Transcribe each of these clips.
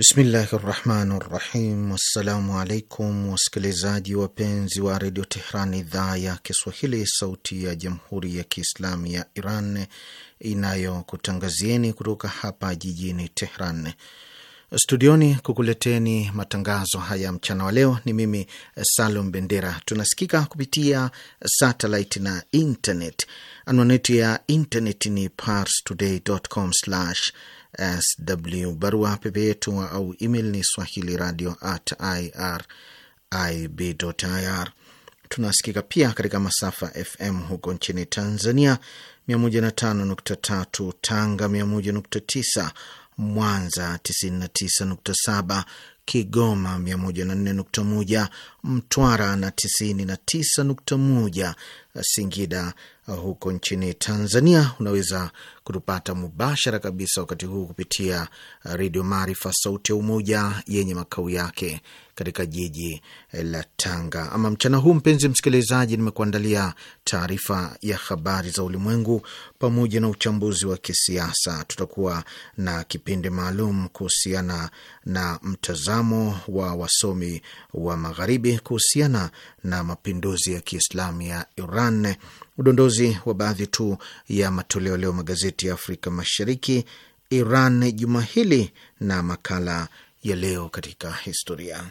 Bismillahi rahmani rahim. Wassalamu alaikum wasikilizaji wapenzi wa redio Tehran, idhaa ya Kiswahili, sauti ya jamhuri ya kiislamu ya Iran inayokutangazieni kutoka hapa jijini Tehran studioni kukuleteni matangazo haya mchana wa leo. Ni mimi eh, Salum Bendera. Tunasikika kupitia satellite na internet. Anwani yetu ya internet ni parstoday.com/sw. Barua pepe yetu au email ni swahili radio at irib.ir. Tunasikika pia katika masafa FM huko nchini Tanzania, 105.3 Tanga, 101.9 Mwanza 99.7, Kigoma 104.1, Mtwara na 99.1, Singida huko nchini Tanzania, unaweza kutupata mubashara kabisa wakati huu kupitia uh, Redio Maarifa, sauti ya Umoja, yenye makao yake katika jiji eh, la Tanga. Ama mchana huu, mpenzi msikilizaji, nimekuandalia taarifa ya habari za ulimwengu pamoja na uchambuzi wa kisiasa. Tutakuwa na kipindi maalum kuhusiana na mtazamo wa wasomi wa Magharibi kuhusiana na mapinduzi ya Kiislamu ya Iran udondozi wa baadhi tu ya matoleo leo magazeti ya Afrika Mashariki, Iran juma hili na makala ya leo katika historia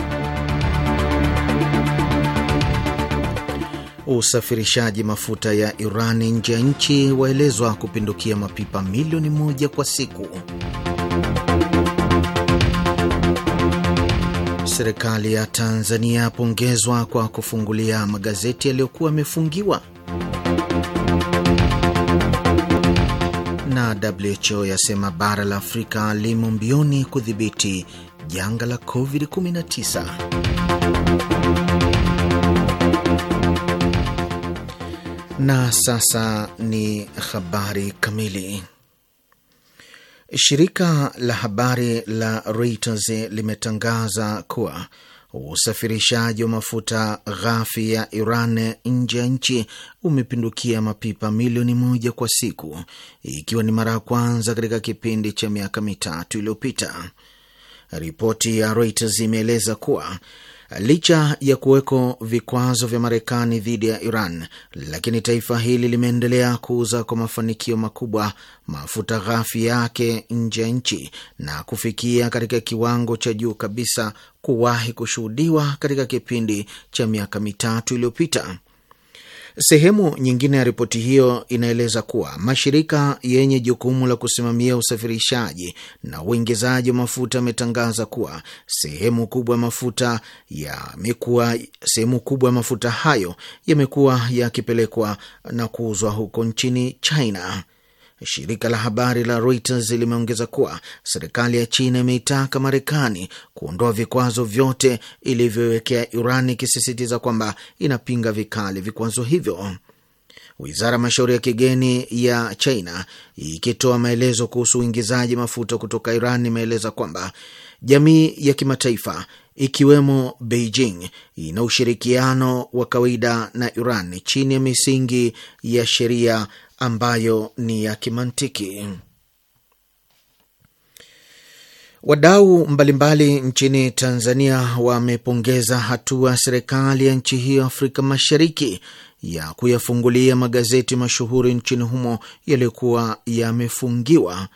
Usafirishaji mafuta ya Irani nje ya nchi waelezwa kupindukia mapipa milioni moja kwa siku. Serikali ya Tanzania yapongezwa kwa kufungulia magazeti yaliyokuwa yamefungiwa. Na WHO yasema bara la Afrika limo mbioni kudhibiti janga la COVID-19. Na sasa ni habari kamili. Shirika la habari la Reuters limetangaza kuwa usafirishaji wa mafuta ghafi ya Iran nje ya nchi umepindukia mapipa milioni moja kwa siku, ikiwa ni mara ya kwanza katika kipindi cha miaka mitatu iliyopita. Ripoti ya Reuters imeeleza kuwa Licha ya kuweko vikwazo vya Marekani dhidi ya Iran, lakini taifa hili limeendelea kuuza kwa mafanikio makubwa mafuta ghafi yake nje ya nchi na kufikia katika kiwango cha juu kabisa kuwahi kushuhudiwa katika kipindi cha miaka mitatu iliyopita. Sehemu nyingine ya ripoti hiyo inaeleza kuwa mashirika yenye jukumu la kusimamia usafirishaji na uingizaji wa mafuta yametangaza kuwa sehemu kubwa ya mafuta yamekuwa sehemu kubwa ya mafuta hayo yamekuwa yakipelekwa na kuuzwa huko nchini China. Shirika la habari la Reuters limeongeza kuwa serikali ya China imeitaka Marekani kuondoa vikwazo vyote ilivyowekea Iran, ikisisitiza kwamba inapinga vikali vikwazo hivyo. Wizara ya mashauri ya kigeni ya China ikitoa maelezo kuhusu uingizaji mafuta kutoka Iran imeeleza kwamba jamii ya kimataifa ikiwemo Beijing ina ushirikiano wa kawaida na Iran chini ya misingi ya sheria ambayo ni ya kimantiki. Wadau mbalimbali nchini Tanzania wamepongeza hatua ya serikali ya nchi hiyo Afrika Mashariki ya kuyafungulia magazeti mashuhuri nchini humo yaliyokuwa yamefungiwa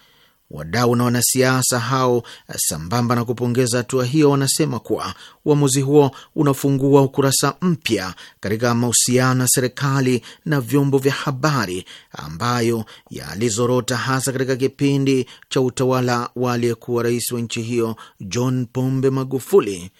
Wadau na wanasiasa hao, sambamba na kupongeza hatua hiyo, wanasema kuwa uamuzi huo unafungua ukurasa mpya katika mahusiano ya serikali na vyombo vya habari ambayo yalizorota hasa katika kipindi cha utawala wa aliyekuwa rais wa nchi hiyo John Pombe Magufuli.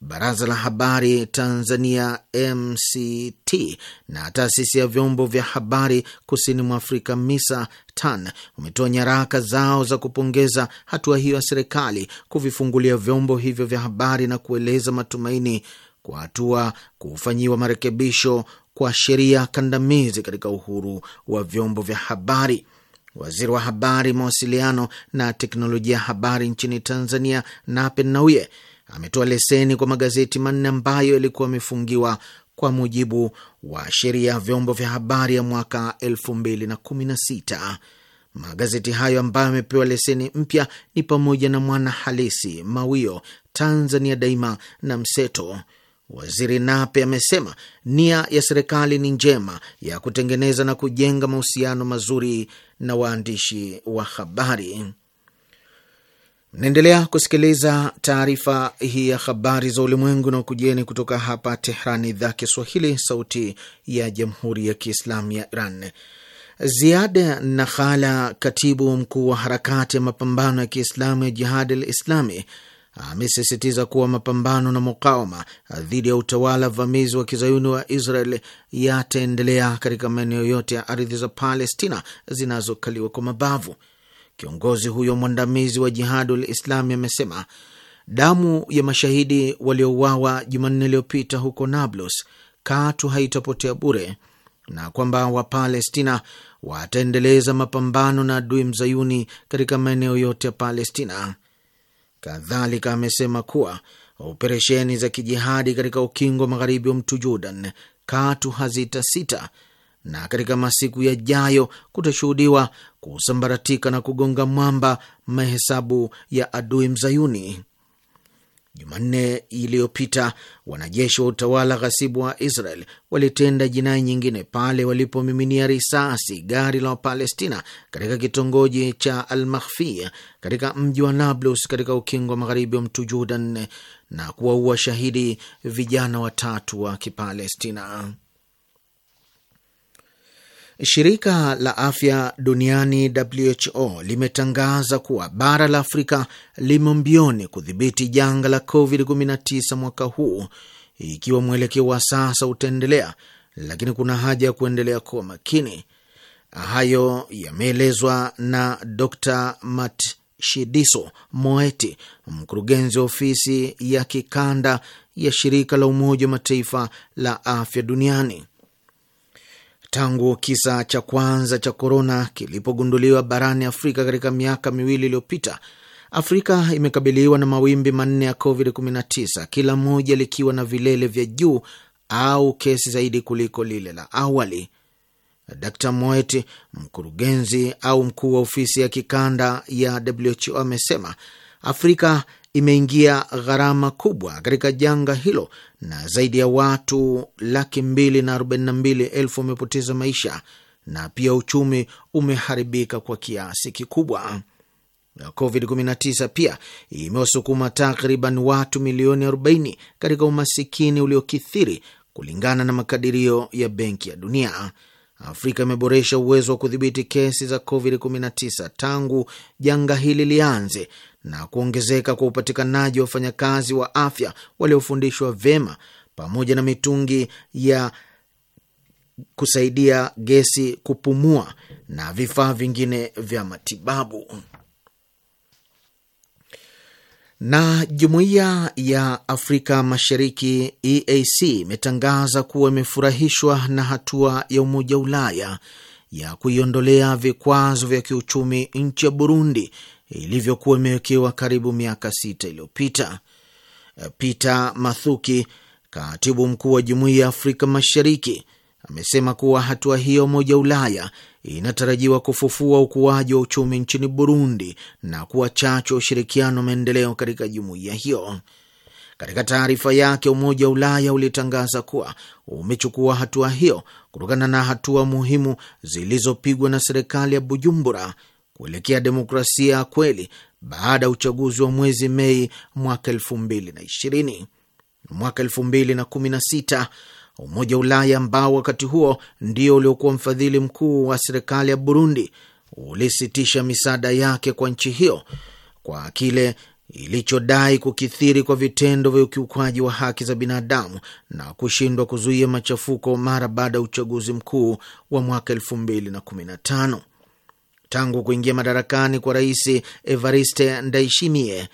Baraza la Habari Tanzania MCT na taasisi ya vyombo vya habari kusini mwa Afrika MISA TAN umetoa nyaraka zao za kupongeza hatua hiyo ya serikali kuvifungulia vyombo hivyo vya habari na kueleza matumaini kwa hatua kufanyiwa marekebisho kwa sheria kandamizi katika uhuru wa vyombo vya habari. Waziri wa Habari, Mawasiliano na Teknolojia ya Habari nchini Tanzania, Nape Nnauye ametoa leseni kwa magazeti manne ambayo yalikuwa yamefungiwa kwa mujibu wa sheria ya vyombo vya habari ya mwaka 2016. Magazeti hayo ambayo yamepewa leseni mpya ni pamoja na Mwana Halisi, Mawio, Tanzania Daima na Mseto. Waziri Nape amesema nia ya serikali ni njema ya kutengeneza na kujenga mahusiano mazuri na waandishi wa habari. Naendelea kusikiliza taarifa hii ya habari za ulimwengu na ukujeni kutoka hapa Tehran, idhaa Kiswahili, sauti ya jamhuri ya kiislamu ya Iran. ziada Nakhala, katibu mkuu wa harakati ya mapambano ya kiislamu ya Jihadi al Islami, amesisitiza kuwa mapambano na mukawama dhidi ya utawala vamizi wa kizayuni wa Israel yataendelea katika maeneo yote ya ardhi za Palestina zinazokaliwa kwa mabavu. Kiongozi huyo mwandamizi wa Jihadul Islami amesema damu ya mashahidi waliouawa Jumanne iliyopita huko Nablus katu haitapotea bure na kwamba Wapalestina wataendeleza mapambano na adui mzayuni katika maeneo yote ya Palestina. Kadhalika amesema kuwa operesheni za kijihadi katika ukingo wa magharibi wa mto Jordan katu hazitasita na katika masiku yajayo kutashuhudiwa kusambaratika na kugonga mwamba mahesabu ya adui mzayuni. Jumanne iliyopita wanajeshi wa utawala ghasibu wa Israel walitenda jinai nyingine pale walipomiminia risasi gari la Wapalestina katika kitongoji cha al katika mji wa Nablus katika ukingo wa magharibi wa mtu Jordan na kuwaua shahidi vijana watatu wa Kipalestina. Shirika la afya duniani WHO limetangaza kuwa bara la Afrika limo mbioni kudhibiti janga la COVID-19 mwaka huu, ikiwa mwelekeo wa sasa utaendelea, lakini kuna haja ya kuendelea kuwa makini. Hayo yameelezwa na Dr Matshidiso Moeti, mkurugenzi wa ofisi ya kikanda ya shirika la Umoja wa Mataifa la afya duniani. Tangu kisa cha kwanza cha korona kilipogunduliwa barani Afrika katika miaka miwili iliyopita, Afrika imekabiliwa na mawimbi manne ya COVID-19, kila moja likiwa na vilele vya juu au kesi zaidi kuliko lile la awali. Dr Moet, mkurugenzi au mkuu wa ofisi ya kikanda ya WHO, amesema Afrika imeingia gharama kubwa katika janga hilo na zaidi ya watu laki mbili na arobaini na mbili elfu wamepoteza maisha na pia uchumi umeharibika kwa kiasi kikubwa. COVID-19 pia imewasukuma takriban watu milioni 40 katika umasikini uliokithiri kulingana na makadirio ya Benki ya Dunia. Afrika imeboresha uwezo wa kudhibiti kesi za COVID-19 tangu janga hili lianze na kuongezeka kwa upatikanaji wa wafanyakazi wa afya waliofundishwa vyema pamoja na mitungi ya kusaidia gesi kupumua na vifaa vingine vya matibabu. Na jumuiya ya Afrika Mashariki EAC imetangaza kuwa imefurahishwa na hatua ya Umoja wa Ulaya ya kuiondolea vikwazo vya kiuchumi nchi ya Burundi ilivyokuwa imewekewa karibu miaka sita iliyopita. Peter Mathuki, katibu mkuu wa Jumuiya ya Afrika Mashariki, amesema kuwa hatua hiyo Umoja Ulaya inatarajiwa kufufua ukuaji wa uchumi nchini Burundi na kuwa chachu ya ushirikiano wa maendeleo katika jumuiya hiyo. Katika taarifa yake, Umoja wa Ulaya ulitangaza kuwa umechukua hatua hiyo kutokana na hatua muhimu zilizopigwa na serikali ya Bujumbura kuelekea demokrasia ya kweli baada ya uchaguzi wa mwezi Mei mwaka elfu mbili na ishirini. Mwaka elfu mbili na kumi na sita Umoja wa Ulaya ambao wakati huo ndio uliokuwa mfadhili mkuu wa serikali ya Burundi ulisitisha misaada yake kwa nchi hiyo kwa kile ilichodai kukithiri kwa vitendo vya ukiukwaji wa haki za binadamu na kushindwa kuzuia machafuko mara baada ya uchaguzi mkuu wa mwaka elfu mbili na kumi na tano tangu kuingia madarakani kwa Rais Evariste Ndayishimiye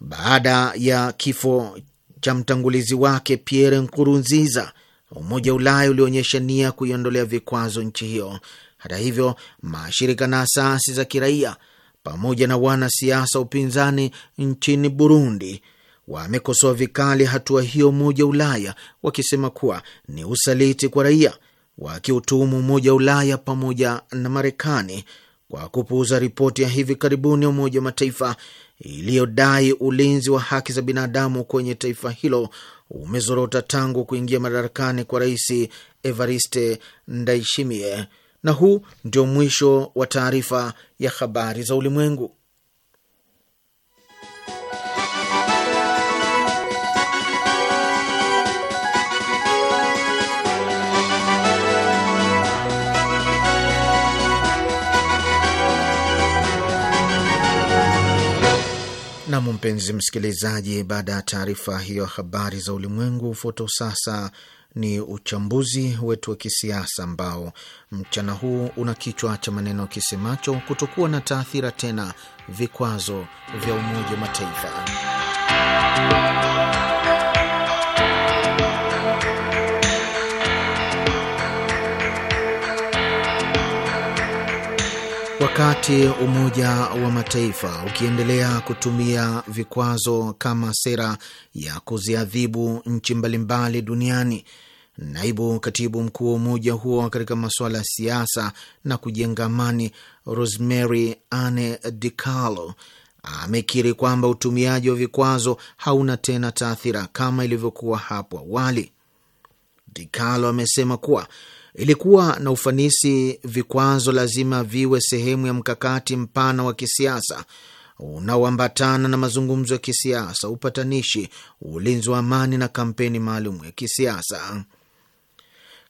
baada ya kifo cha mtangulizi wake Pierre Nkurunziza, Umoja wa Ulaya ulionyesha nia kuiondolea vikwazo nchi hiyo. Hata hivyo, mashirika na asasi za kiraia pamoja na wanasiasa upinzani nchini Burundi wamekosoa vikali hatua hiyo Umoja wa Ulaya, wakisema kuwa ni usaliti kwa raia, wakiutuhumu Umoja wa Ulaya pamoja na Marekani kwa kupuuza ripoti ya hivi karibuni ya Umoja wa Mataifa iliyodai ulinzi wa haki za binadamu kwenye taifa hilo umezorota tangu kuingia madarakani kwa Rais Evariste Ndayishimiye. Na huu ndio mwisho wa taarifa ya habari za ulimwengu. Nam, mpenzi msikilizaji, baada ya taarifa hiyo habari za ulimwengu, ufoto sasa ni uchambuzi wetu wa kisiasa ambao mchana huu una kichwa cha maneno kisemacho kutokuwa na taathira tena vikwazo vya Umoja wa Mataifa. Wakati Umoja wa Mataifa ukiendelea kutumia vikwazo kama sera ya kuziadhibu nchi mbalimbali duniani, naibu katibu mkuu wa umoja huo katika masuala ya siasa na kujenga amani, Rosemary Anne DiCarlo amekiri kwamba utumiaji wa vikwazo hauna tena taathira kama ilivyokuwa hapo awali. DiCarlo amesema kuwa ili kuwa na ufanisi, vikwazo lazima viwe sehemu ya mkakati mpana wa kisiasa unaoambatana na mazungumzo ya kisiasa, upatanishi, ulinzi wa amani na kampeni maalum ya kisiasa.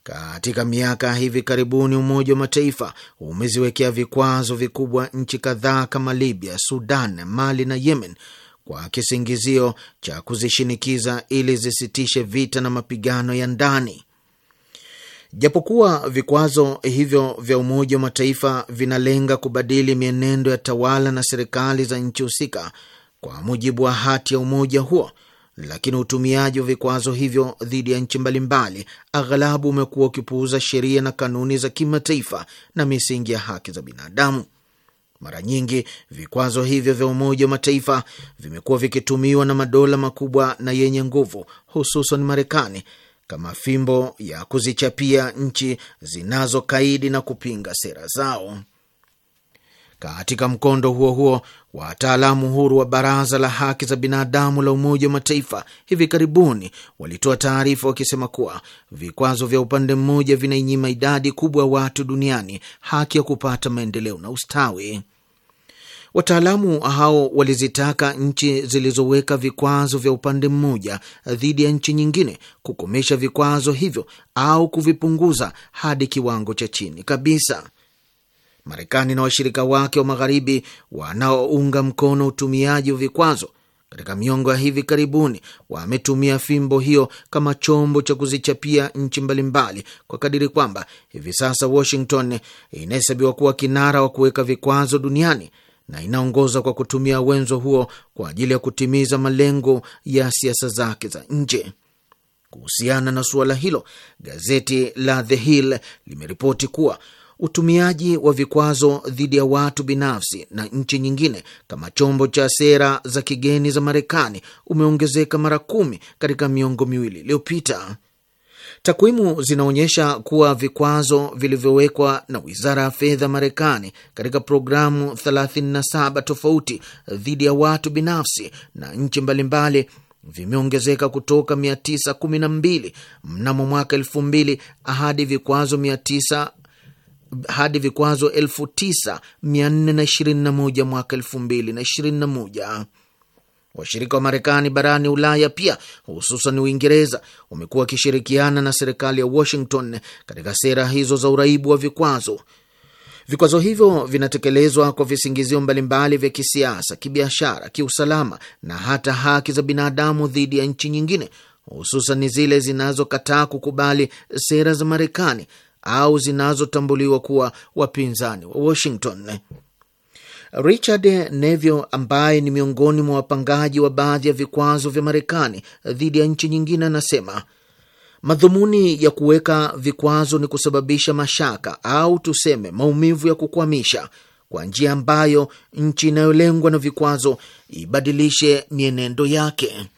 Katika miaka hivi karibuni, Umoja wa Mataifa umeziwekea vikwazo vikubwa nchi kadhaa kama Libya, Sudan, Mali na Yemen kwa kisingizio cha kuzishinikiza ili zisitishe vita na mapigano ya ndani. Japokuwa vikwazo hivyo vya Umoja wa Mataifa vinalenga kubadili mienendo ya tawala na serikali za nchi husika kwa mujibu wa hati ya umoja huo, lakini utumiaji wa vikwazo hivyo dhidi ya nchi mbalimbali aghalabu umekuwa ukipuuza sheria na kanuni za kimataifa na misingi ya haki za binadamu. Mara nyingi vikwazo hivyo vya Umoja wa Mataifa vimekuwa vikitumiwa na madola makubwa na yenye nguvu, hususan Marekani kama fimbo ya kuzichapia nchi zinazokaidi na kupinga sera zao. Katika mkondo huo huo, wataalamu huru wa Baraza la Haki za Binadamu la Umoja wa Mataifa hivi karibuni walitoa taarifa wakisema kuwa vikwazo vya upande mmoja vinainyima idadi kubwa ya watu duniani haki ya kupata maendeleo na ustawi. Wataalamu hao walizitaka nchi zilizoweka vikwazo vya upande mmoja dhidi ya nchi nyingine kukomesha vikwazo hivyo au kuvipunguza hadi kiwango cha chini kabisa. Marekani na washirika wake wa magharibi wanaounga mkono utumiaji wa vikwazo katika miongo ya hivi karibuni wametumia fimbo hiyo kama chombo cha kuzichapia nchi mbalimbali, kwa kadiri kwamba hivi sasa Washington inahesabiwa kuwa kinara wa kuweka vikwazo duniani na inaongoza kwa kutumia wenzo huo kwa ajili ya kutimiza malengo ya siasa zake za nje. Kuhusiana na suala hilo, gazeti la The Hill limeripoti kuwa utumiaji wa vikwazo dhidi ya watu binafsi na nchi nyingine kama chombo cha sera za kigeni za Marekani umeongezeka mara kumi katika miongo miwili iliyopita. Takwimu zinaonyesha kuwa vikwazo vilivyowekwa na wizara ya fedha Marekani katika programu 37 tofauti dhidi ya watu binafsi na nchi mbalimbali vimeongezeka kutoka 912 mnamo mwaka 2000 hadi vikwazo 900 hadi vikwazo 9421 mwaka 2021. Washirika wa Marekani barani Ulaya pia hususan Uingereza wamekuwa wakishirikiana na serikali ya Washington katika sera hizo za uraibu wa vikwazo. Vikwazo hivyo vinatekelezwa kwa visingizio mbalimbali vya kisiasa, kibiashara, kiusalama na hata haki za binadamu dhidi ya nchi nyingine, hususan zile zinazokataa kukubali sera za Marekani au zinazotambuliwa kuwa wapinzani wa Washington. Richard Nevio, ambaye ni miongoni mwa wapangaji wa baadhi ya vikwazo vya Marekani dhidi ya nchi nyingine anasema madhumuni ya kuweka vikwazo ni kusababisha mashaka au tuseme maumivu ya kukwamisha kwa njia ambayo nchi inayolengwa na vikwazo ibadilishe mienendo yake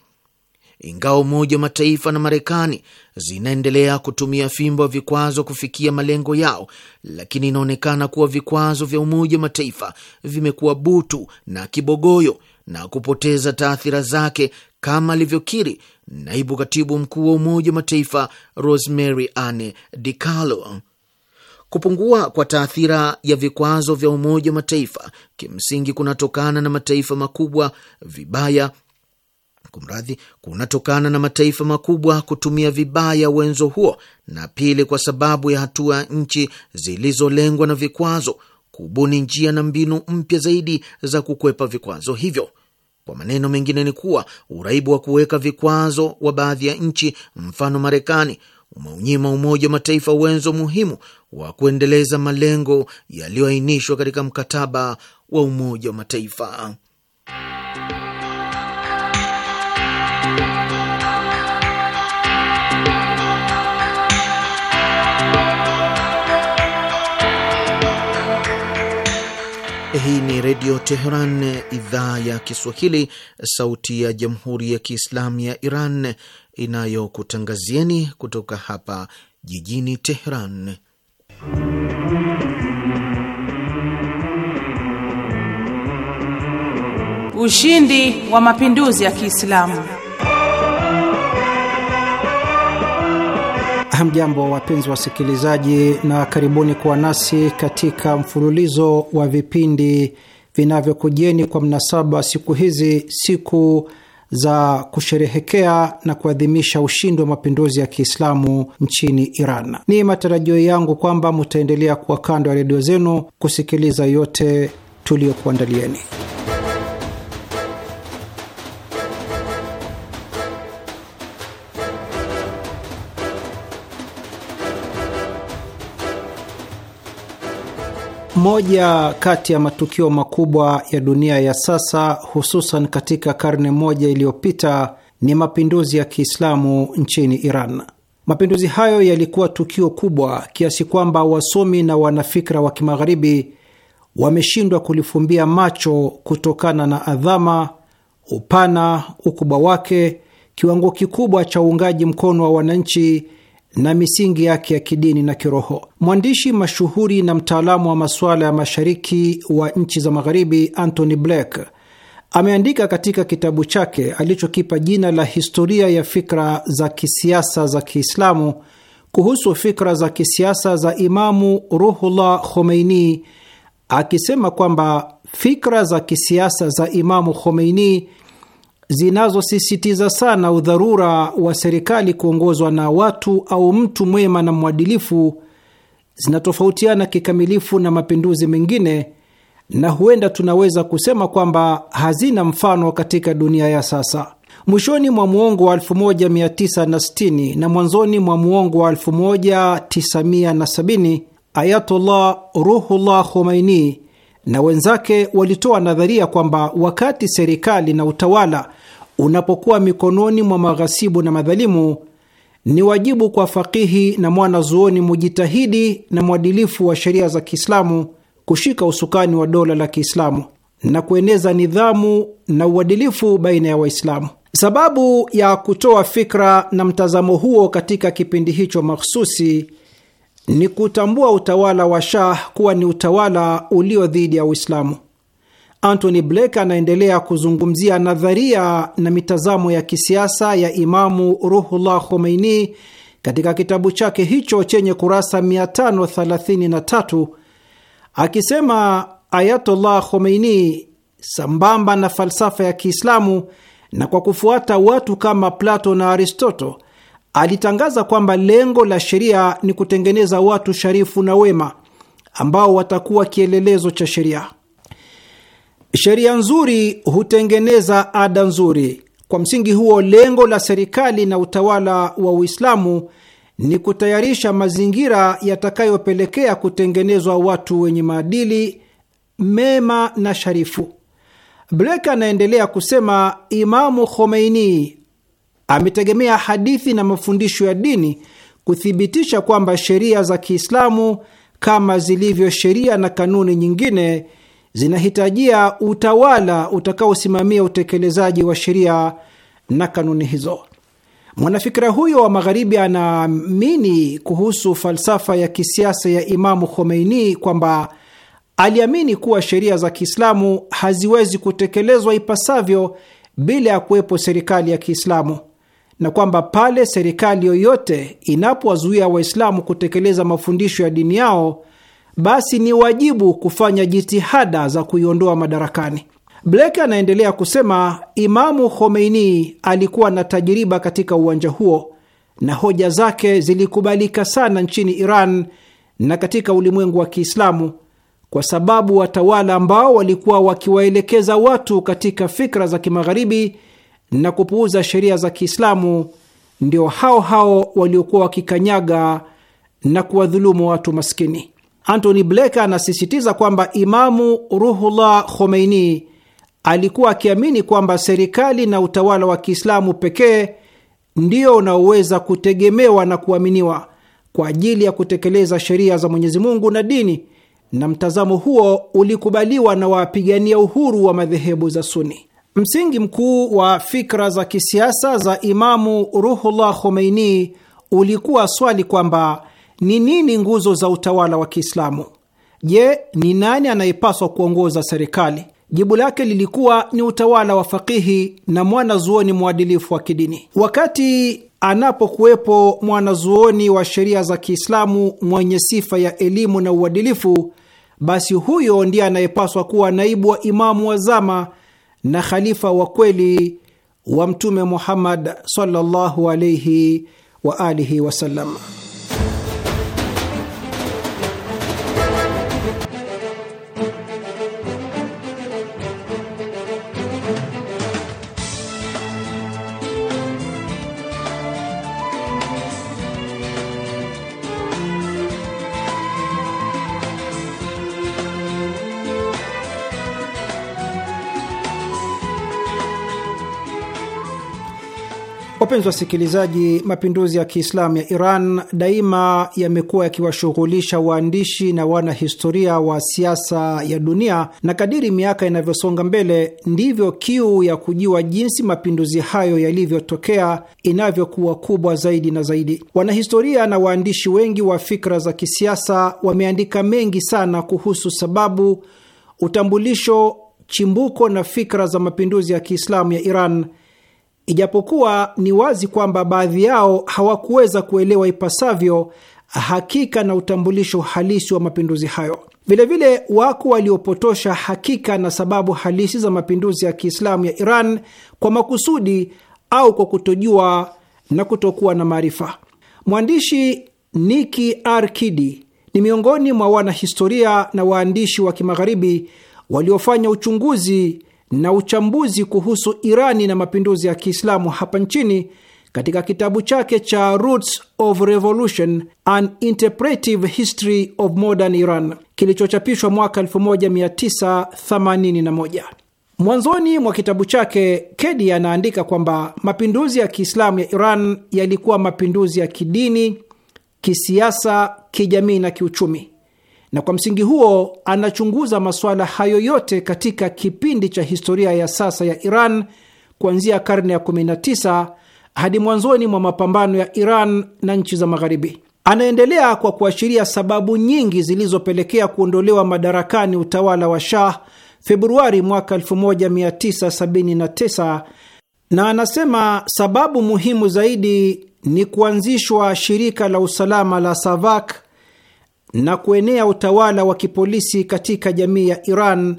ingawa Umoja wa Mataifa na Marekani zinaendelea kutumia fimbo ya vikwazo kufikia malengo yao, lakini inaonekana kuwa vikwazo vya Umoja wa Mataifa vimekuwa butu na kibogoyo na kupoteza taathira zake kama alivyokiri naibu katibu mkuu wa Umoja wa Mataifa Rosemary Anne DiCarlo. Kupungua kwa taathira ya vikwazo vya Umoja wa Mataifa kimsingi kunatokana na mataifa makubwa vibaya kumradhi, kunatokana na mataifa makubwa kutumia vibaya wenzo huo, na pili, kwa sababu ya hatua ya nchi zilizolengwa na vikwazo kubuni njia na mbinu mpya zaidi za kukwepa vikwazo hivyo. Kwa maneno mengine ni kuwa uraibu wa kuweka vikwazo wa baadhi ya nchi, mfano Marekani, umeunyima Umoja wa Mataifa wenzo muhimu wa kuendeleza malengo yaliyoainishwa katika mkataba wa Umoja wa Mataifa. Hii ni Redio Teheran, idhaa ya Kiswahili, sauti ya Jamhuri ya Kiislamu ya Iran inayokutangazieni kutoka hapa jijini Teheran. Ushindi wa mapinduzi ya Kiislamu. Hamjambo, wapenzi wasikilizaji, na karibuni kuwa nasi katika mfululizo wa vipindi vinavyokujeni kwa mnasaba siku hizi, siku za kusherehekea na kuadhimisha ushindi wa mapinduzi ya Kiislamu nchini Iran. Ni matarajio yangu kwamba mutaendelea kuwa kando ya redio zenu kusikiliza yote tuliyokuandalieni. Moja kati ya matukio makubwa ya dunia ya sasa, hususan katika karne moja iliyopita, ni mapinduzi ya Kiislamu nchini Iran. Mapinduzi hayo yalikuwa tukio kubwa kiasi kwamba wasomi na wanafikra wa kimagharibi wameshindwa kulifumbia macho kutokana na adhama, upana, ukubwa wake, kiwango kikubwa cha uungaji mkono wa wananchi na misingi yake ya kidini na kiroho. Mwandishi mashuhuri na mtaalamu wa masuala ya mashariki wa nchi za magharibi Anthony Black ameandika katika kitabu chake alichokipa jina la Historia ya Fikra za Kisiasa za Kiislamu kuhusu fikra za kisiasa za Imamu Ruhullah Khomeini akisema kwamba fikra za kisiasa za Imamu Khomeini zinazosisitiza sana udharura wa serikali kuongozwa na watu au mtu mwema na mwadilifu zinatofautiana kikamilifu na mapinduzi mengine, na huenda tunaweza kusema kwamba hazina mfano katika dunia ya sasa. Mwishoni mwa muongo wa 1960 na mwanzoni mwa muongo wa 1970 Ayatollah Ruhullah Khomeini na wenzake walitoa nadharia kwamba wakati serikali na utawala unapokuwa mikononi mwa maghasibu na madhalimu, ni wajibu kwa fakihi na mwanazuoni mujitahidi na mwadilifu wa sheria za Kiislamu kushika usukani wa dola la Kiislamu na kueneza nidhamu na uadilifu baina ya Waislamu. Sababu ya kutoa fikra na mtazamo huo katika kipindi hicho mahsusi ni kutambua utawala wa Shah kuwa ni utawala ulio dhidi ya Uislamu. Anthony Blake anaendelea kuzungumzia nadharia na mitazamo ya kisiasa ya Imamu Ruhullah Khomeini katika kitabu chake hicho chenye kurasa 533 akisema, Ayatollah Khomeini sambamba na falsafa ya Kiislamu na kwa kufuata watu kama Plato na Aristoto alitangaza kwamba lengo la sheria ni kutengeneza watu sharifu na wema ambao watakuwa kielelezo cha sheria. Sheria nzuri hutengeneza ada nzuri. Kwa msingi huo, lengo la serikali na utawala wa Uislamu ni kutayarisha mazingira yatakayopelekea kutengenezwa watu wenye maadili mema na sharifu. Blake anaendelea kusema, Imamu Khomeini ametegemea hadithi na mafundisho ya dini kuthibitisha kwamba sheria za Kiislamu kama zilivyo sheria na kanuni nyingine zinahitajia utawala utakaosimamia utekelezaji wa sheria na kanuni hizo. Mwanafikira huyo wa Magharibi anaamini kuhusu falsafa ya kisiasa ya Imamu Khomeini kwamba aliamini kuwa sheria za Kiislamu haziwezi kutekelezwa ipasavyo bila ya kuwepo serikali ya Kiislamu na kwamba pale serikali yoyote inapowazuia Waislamu kutekeleza mafundisho ya dini yao basi ni wajibu kufanya jitihada za kuiondoa madarakani. Blake anaendelea kusema, Imamu Khomeini alikuwa na tajiriba katika uwanja huo na hoja zake zilikubalika sana nchini Iran na katika ulimwengu wa Kiislamu kwa sababu watawala ambao walikuwa wakiwaelekeza watu katika fikra za kimagharibi na kupuuza sheria za Kiislamu ndio hao hao waliokuwa wakikanyaga na kuwadhulumu watu maskini. Anthony Blake anasisitiza kwamba Imamu Ruhullah Khomeini alikuwa akiamini kwamba serikali na utawala wa Kiislamu pekee ndio unaoweza kutegemewa na kuaminiwa kwa ajili ya kutekeleza sheria za Mwenyezi Mungu na dini, na mtazamo huo ulikubaliwa na wapigania uhuru wa madhehebu za Suni. Msingi mkuu wa fikra za kisiasa za Imamu Ruhullah Khomeini ulikuwa swali kwamba ni nini nguzo za utawala wa Kiislamu? Je, ni nani anayepaswa kuongoza serikali? Jibu lake lilikuwa ni utawala wa fakihi na mwanazuoni mwadilifu wa kidini. Wakati anapokuwepo mwanazuoni wa sheria za Kiislamu mwenye sifa ya elimu na uadilifu, basi huyo ndiye anayepaswa kuwa naibu wa imamu wa zama na khalifa wa kweli wa Mtume Muhammad sallallahu alaihi wa alihi wasallam. Wapenzi wasikilizaji, mapinduzi ya Kiislamu ya Iran daima yamekuwa yakiwashughulisha waandishi na wanahistoria wa siasa ya dunia, na kadiri miaka inavyosonga mbele ndivyo kiu ya kujua jinsi mapinduzi hayo yalivyotokea inavyokuwa kubwa zaidi na zaidi. Wanahistoria na waandishi wengi wa fikra za kisiasa wameandika mengi sana kuhusu sababu, utambulisho, chimbuko na fikra za mapinduzi ya Kiislamu ya Iran Ijapokuwa ni wazi kwamba baadhi yao hawakuweza kuelewa ipasavyo hakika na utambulisho halisi wa mapinduzi hayo. Vilevile wako waliopotosha hakika na sababu halisi za mapinduzi ya Kiislamu ya Iran kwa makusudi au kwa kutojua na kutokuwa na maarifa. Mwandishi Niki Kidi ni miongoni mwa wanahistoria na waandishi wa Kimagharibi waliofanya uchunguzi na uchambuzi kuhusu Irani na mapinduzi ya Kiislamu hapa nchini katika kitabu chake cha Roots of Revolution An Interpretive History of Modern Iran kilichochapishwa mwaka 1981. Mwanzoni mwa kitabu chake Kedi anaandika kwamba mapinduzi ya Kiislamu ya Iran yalikuwa mapinduzi ya kidini, kisiasa, kijamii na kiuchumi na kwa msingi huo anachunguza masuala hayo yote katika kipindi cha historia ya sasa ya Iran kuanzia karne ya 19 hadi mwanzoni mwa mapambano ya Iran na nchi za Magharibi. Anaendelea kwa kuashiria sababu nyingi zilizopelekea kuondolewa madarakani utawala wa Shah Februari mwaka 1979 na anasema sababu muhimu zaidi ni kuanzishwa shirika la usalama la SAVAK na kuenea utawala wa kipolisi katika jamii ya Iran,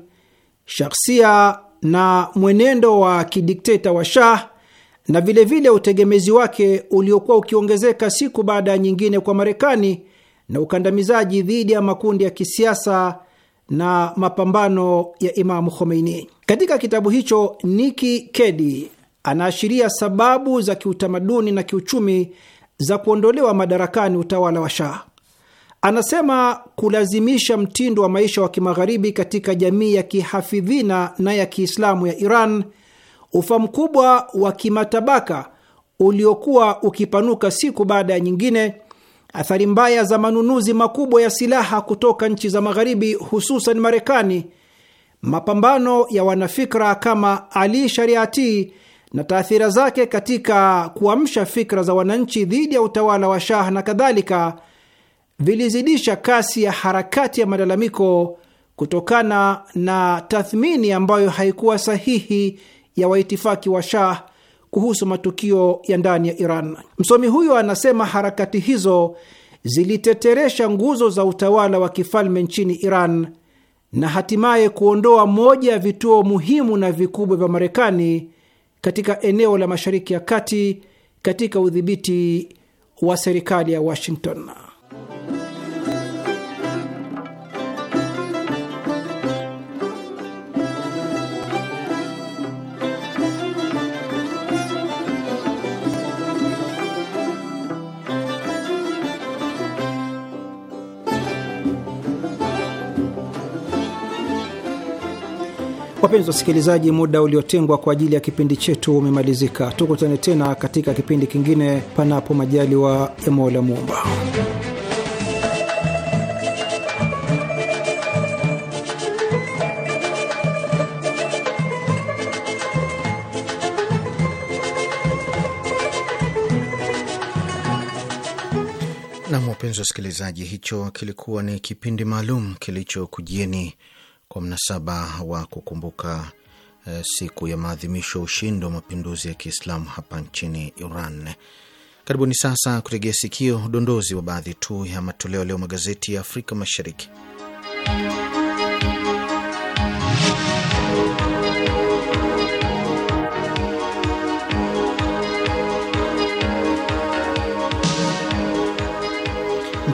shakhsia na mwenendo wa kidikteta wa Shah na vilevile vile utegemezi wake uliokuwa ukiongezeka siku baada ya nyingine kwa Marekani na ukandamizaji dhidi ya makundi ya kisiasa na mapambano ya Imamu Khomeini. Katika kitabu hicho, Niki Kedi anaashiria sababu za kiutamaduni na kiuchumi za kuondolewa madarakani utawala wa Shah. Anasema kulazimisha mtindo wa maisha wa kimagharibi katika jamii ya kihafidhina na ya Kiislamu ya Iran, ufa mkubwa wa kimatabaka uliokuwa ukipanuka siku baada ya nyingine, athari mbaya za manunuzi makubwa ya silaha kutoka nchi za Magharibi, hususan Marekani, mapambano ya wanafikra kama Ali Shariati na taathira zake katika kuamsha fikra za wananchi dhidi ya utawala wa Shah na kadhalika vilizidisha kasi ya harakati ya malalamiko kutokana na tathmini ambayo haikuwa sahihi ya waitifaki wa Shah kuhusu matukio ya ndani ya Iran. Msomi huyo anasema harakati hizo ziliteteresha nguzo za utawala wa kifalme nchini Iran na hatimaye kuondoa moja ya vituo muhimu na vikubwa vya Marekani katika eneo la Mashariki ya Kati katika udhibiti wa serikali ya Washington. Wapenzi wasikilizaji, muda uliotengwa kwa ajili ya kipindi chetu umemalizika. Tukutane tena katika kipindi kingine, panapo majaliwa ya Mola Muumba. Nam, wapenzi wasikilizaji, hicho kilikuwa ni kipindi maalum kilichokujieni kwa mnasaba wa kukumbuka e, siku ya maadhimisho ya ushindi wa mapinduzi ya Kiislamu hapa nchini Iran. Karibuni sasa kutegea sikio udondozi wa baadhi tu ya matoleo leo magazeti ya Afrika Mashariki.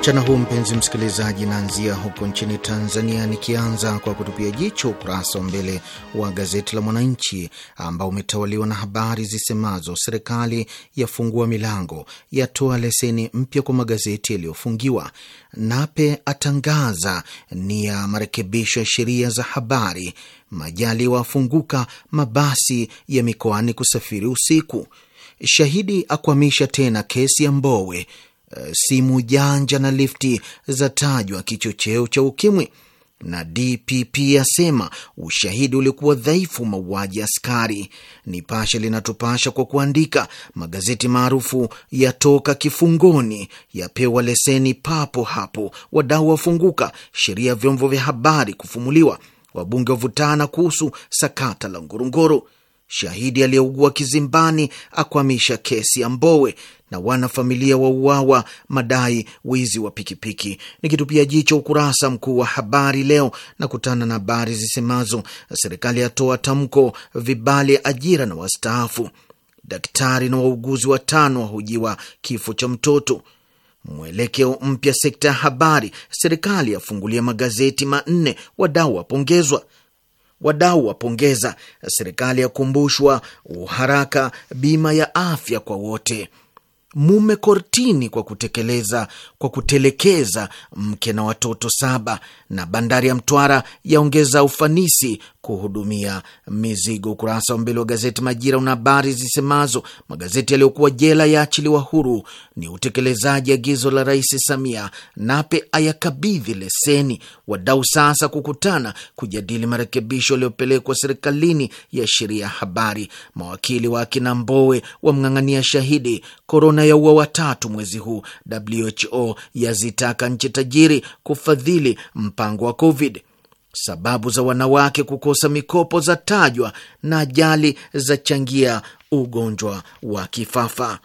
Mchana huu mpenzi msikilizaji, naanzia huko nchini Tanzania, nikianza kwa kutupia jicho ukurasa wa mbele wa gazeti la Mwananchi ambao umetawaliwa na habari zisemazo serikali yafungua milango, yatoa leseni mpya kwa magazeti yaliyofungiwa, Nape atangaza nia ya marekebisho ya sheria za habari, majali wafunguka mabasi ya mikoani kusafiri usiku, shahidi akwamisha tena kesi ya Mbowe Eh, simu janja na lifti zatajwa kichocheo cha ukimwi, na DPP asema ushahidi ulikuwa dhaifu mauaji askari. Nipashe linatupasha kwa kuandika, magazeti maarufu yatoka kifungoni, yapewa leseni papo hapo, wadau wafunguka, sheria ya vyombo vya habari kufumuliwa, wabunge wavutana kuhusu sakata la Ngorongoro. Shahidi aliyeugua kizimbani akwamisha kesi ya Mbowe na wanafamilia wa uawa madai wizi wa pikipiki. Nikitupia jicho ukurasa mkuu wa habari leo, na kutana na habari zisemazo serikali yatoa tamko, vibali ajira na wastaafu, daktari na wauguzi watano wahojiwa kifo cha mtoto, mwelekeo mpya sekta ya habari, serikali yafungulia magazeti manne, wadau wapongezwa Wadau wapongeza serikali, yakumbushwa uharaka bima ya afya kwa wote. Mume kortini kwa kutekeleza kwa kutelekeza mke na watoto saba. Na bandari ya Mtwara yaongeza ufanisi kuhudumia mizigo. Ukurasa wa mbele wa gazeti Majira una habari zisemazo magazeti yaliyokuwa jela yaachiliwa huru, ni utekelezaji agizo la Rais Samia, Nape ayakabidhi leseni, wadau sasa kukutana kujadili marekebisho yaliyopelekwa serikalini ya sheria ya habari, mawakili wa akina Mbowe wamng'ang'ania shahidi, korona ya ua watatu mwezi huu, WHO yazitaka nchi tajiri kufadhili mpango wa Covid Sababu za wanawake kukosa mikopo za tajwa na ajali zachangia ugonjwa wa kifafa.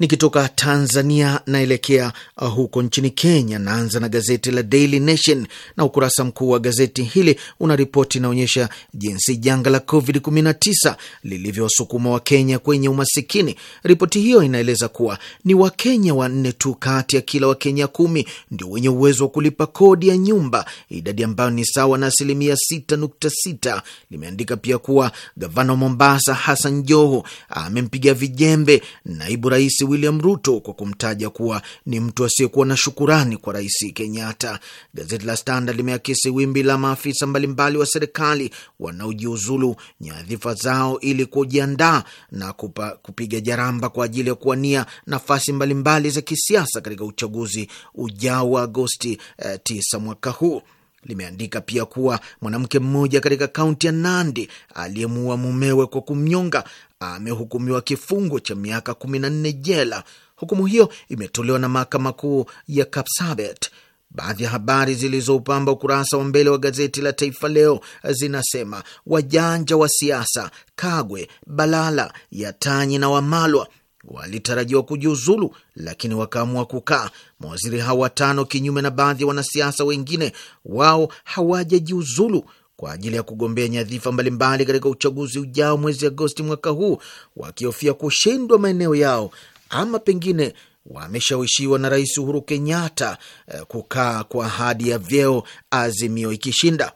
Nikitoka Tanzania naelekea uh, huko nchini Kenya. Naanza na gazeti la Daily Nation na ukurasa mkuu wa gazeti hili una ripoti inaonyesha jinsi janga la COVID-19 lilivyowasukuma Wakenya kwenye umasikini. Ripoti hiyo inaeleza kuwa ni Wakenya wanne tu kati ya kila Wakenya kumi ndio wenye uwezo wa kulipa kodi ya nyumba, idadi ambayo ni sawa na asilimia 6.6. Limeandika pia kuwa gavana wa Mombasa Hassan Joho amempiga vijembe naibu rais William Ruto kwa kumtaja kuwa ni mtu asiyekuwa na shukurani kwa Rais Kenyatta. Gazeti la Standard limeakisi wimbi la maafisa mbalimbali wa serikali wanaojiuzulu nyadhifa zao ili kujiandaa na kupa, kupiga jaramba kwa ajili ya kuwania nafasi mbalimbali za kisiasa katika uchaguzi ujao wa Agosti eh, 9 mwaka huu limeandika pia kuwa mwanamke mmoja katika kaunti ya Nandi aliyemuua mumewe kwa kumnyonga amehukumiwa kifungo cha miaka kumi na nne jela. Hukumu hiyo imetolewa na mahakama kuu ya Kapsabet. Baadhi ya habari zilizoupamba ukurasa wa mbele wa gazeti la Taifa Leo zinasema wajanja wa siasa Kagwe, Balala, Yatanyi na Wamalwa walitarajiwa kujiuzulu, lakini wakaamua kukaa. Mawaziri hao watano, kinyume na baadhi ya wanasiasa wengine, wao hawajajiuzulu kwa ajili ya kugombea nyadhifa mbalimbali katika uchaguzi ujao mwezi Agosti mwaka huu, wakihofia kushindwa maeneo yao ama pengine wameshawishiwa na Rais Uhuru Kenyatta eh, kukaa kwa ahadi ya vyeo Azimio ikishinda.